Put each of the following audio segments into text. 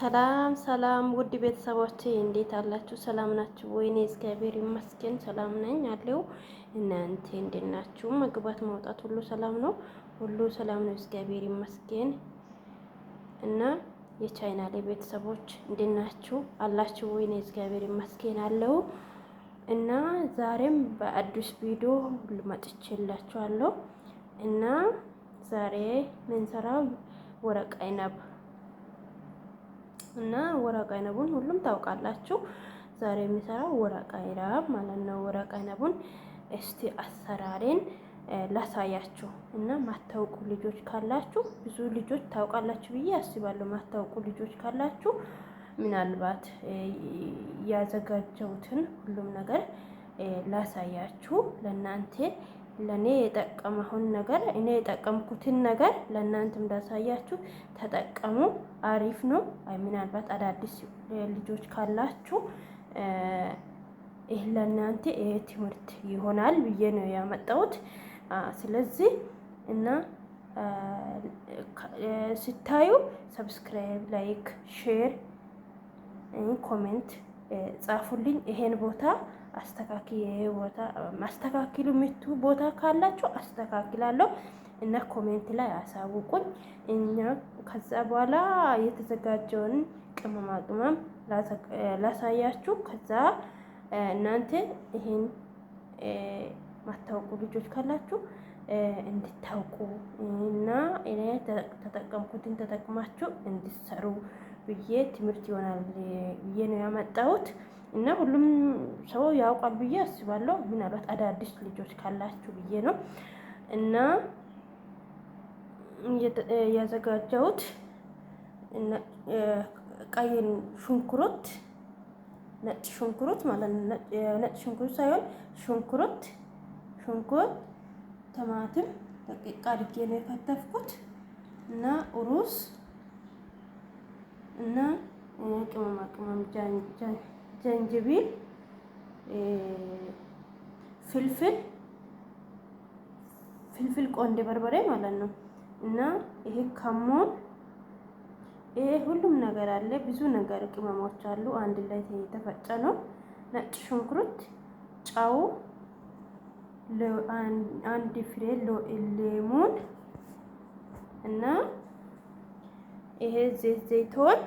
ሰላም ሰላም ውድ ቤተሰቦቼ እንዴት አላችሁ? ሰላም ናችሁ? ወይኔ እግዚአብሔር ይመስገን ሰላም ነኝ አለው። እናንተ እንዴት ናችሁ? መግባት ማውጣት ሁሉ ሰላም ነው? ሁሉ ሰላም ነው፣ እግዚአብሔር ይመስገን። እና የቻይና ላይ ቤተሰቦች እንዴት ናችሁ? አላችሁ? ወይኔ እግዚአብሔር ይመስገን አለው። እና ዛሬም በአዲስ ቪዲዮ ሁሉ መጥቼላችኋለሁ። እና ዛሬ ምንሰራው ወረቀት አይናብ እና ወረቀ አይነቡን ሁሉም ታውቃላችሁ። ዛሬ የሚሰራው ወረቀ አይነብ ማለት ነው። ወረቀ አይነቡን እስቲ አሰራሬን ላሳያችሁ እና ማታውቁ ልጆች ካላችሁ ብዙ ልጆች ታውቃላችሁ ብዬ አስባለሁ። ማታውቁ ልጆች ካላችሁ ምናልባት ያዘጋጀሁትን ሁሉም ነገር ላሳያችሁ ለእናንተ ለእኔ የጠቀመሁን ነገር እኔ የጠቀምኩትን ነገር ለእናንተ እንዳሳያችሁ ተጠቀሙ። አሪፍ ነው። አይ ምናልባት አዳዲስ ልጆች ካላችሁ ይህ ለእናንተ ይህ ትምህርት ይሆናል ብዬ ነው ያመጣሁት። ስለዚህ እና ስታዩ ሰብስክራይብ፣ ላይክ፣ ሼር፣ ኮሜንት ጻፉልኝ። ይሄን ቦታ አስተካክል፣ ይሄ ቦታ ማስተካክሉ ምቱ ቦታ ካላችሁ አስተካክላለሁ እና ኮሜንት ላይ አሳውቁኝ። እኛ ከዛ በኋላ የተዘጋጀውን ቅመማ ቅመም ላሳያችሁ። ከዛ እናንተ ይሄን ማታወቁ ልጆች ካላችሁ እንድታውቁ እና ተጠቀምኩትን ተጠቅማችሁ እንድሰሩ ብዬ ትምህርት ይሆናል ብዬ ነው ያመጣሁት እና ሁሉም ሰው ያውቋል ብዬ አስባለሁ። ምናልባት አዳዲስ ልጆች ካላችሁ ብዬ ነው እና ያዘጋጀሁት ቀይ ሽንኩርት፣ ነጭ ሽንኩርት ማለት ነጭ ሽንኩርት ሳይሆን ሽንኩርት፣ ሽንኩርት፣ ቲማቲም ደቂቃ አድርጌ ነው የከተፍኩት እና ሩዝ እና ቅመማ ቅመም፣ ጀንጅቢል፣ ፍልፍል ፍልፍል ቆንዴ በርበሬ ማለት ነው እና ይሄ ከሞን ይሄ ሁሉም ነገር አለ። ብዙ ነገር ቅመሞች አሉ። አንድ ላይ የተፈጨ ነው። ነጭ ሽንኩርት፣ ጨው፣ አንድ ፍሬ ሎሚ እና ይሄ ዘይት ዘይቶን፣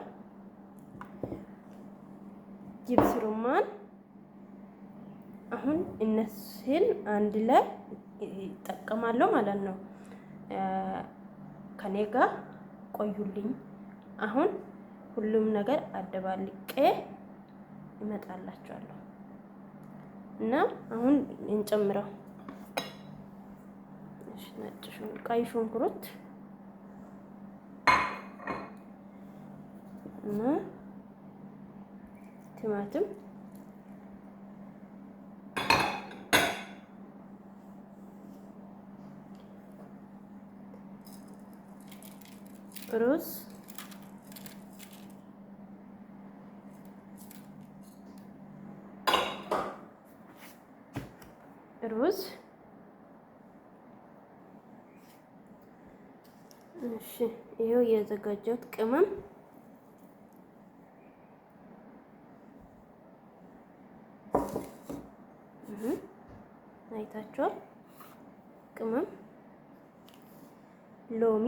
ጅብስ ሩማን አሁን እነሱን አንድ ላይ ይጠቀማለሁ ማለት ነው። ከኔ ጋር ቆዩልኝ። አሁን ሁሉም ነገር አደባልቄ እመጣላችኋለሁ እና አሁን እንጨምረው ቀይ ሽንኩርት እና ቲማቲም ሩዝ ሩዝ እሺ ይሄው የዘጋጀሁት ቅመም አይታችኋል። ቅመም፣ ሎሚ፣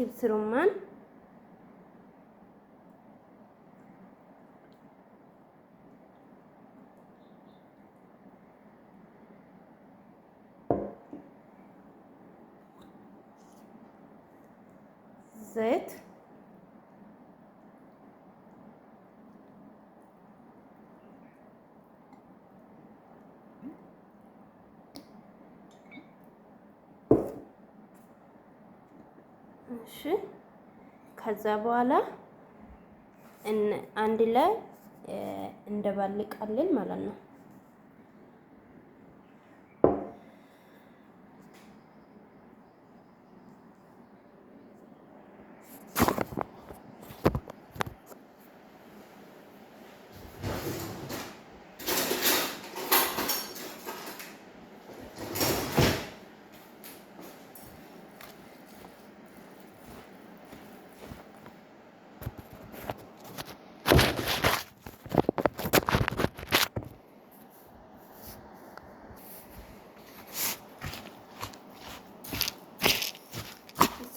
ክብስ ሮማን ዘይት እሺ ከዛ በኋላ አንድ ላይ እንደባልቃለን ማለት ነው።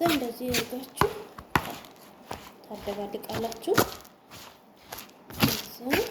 እንደዚህ ያርጋችሁ ታደባልቃላችሁ።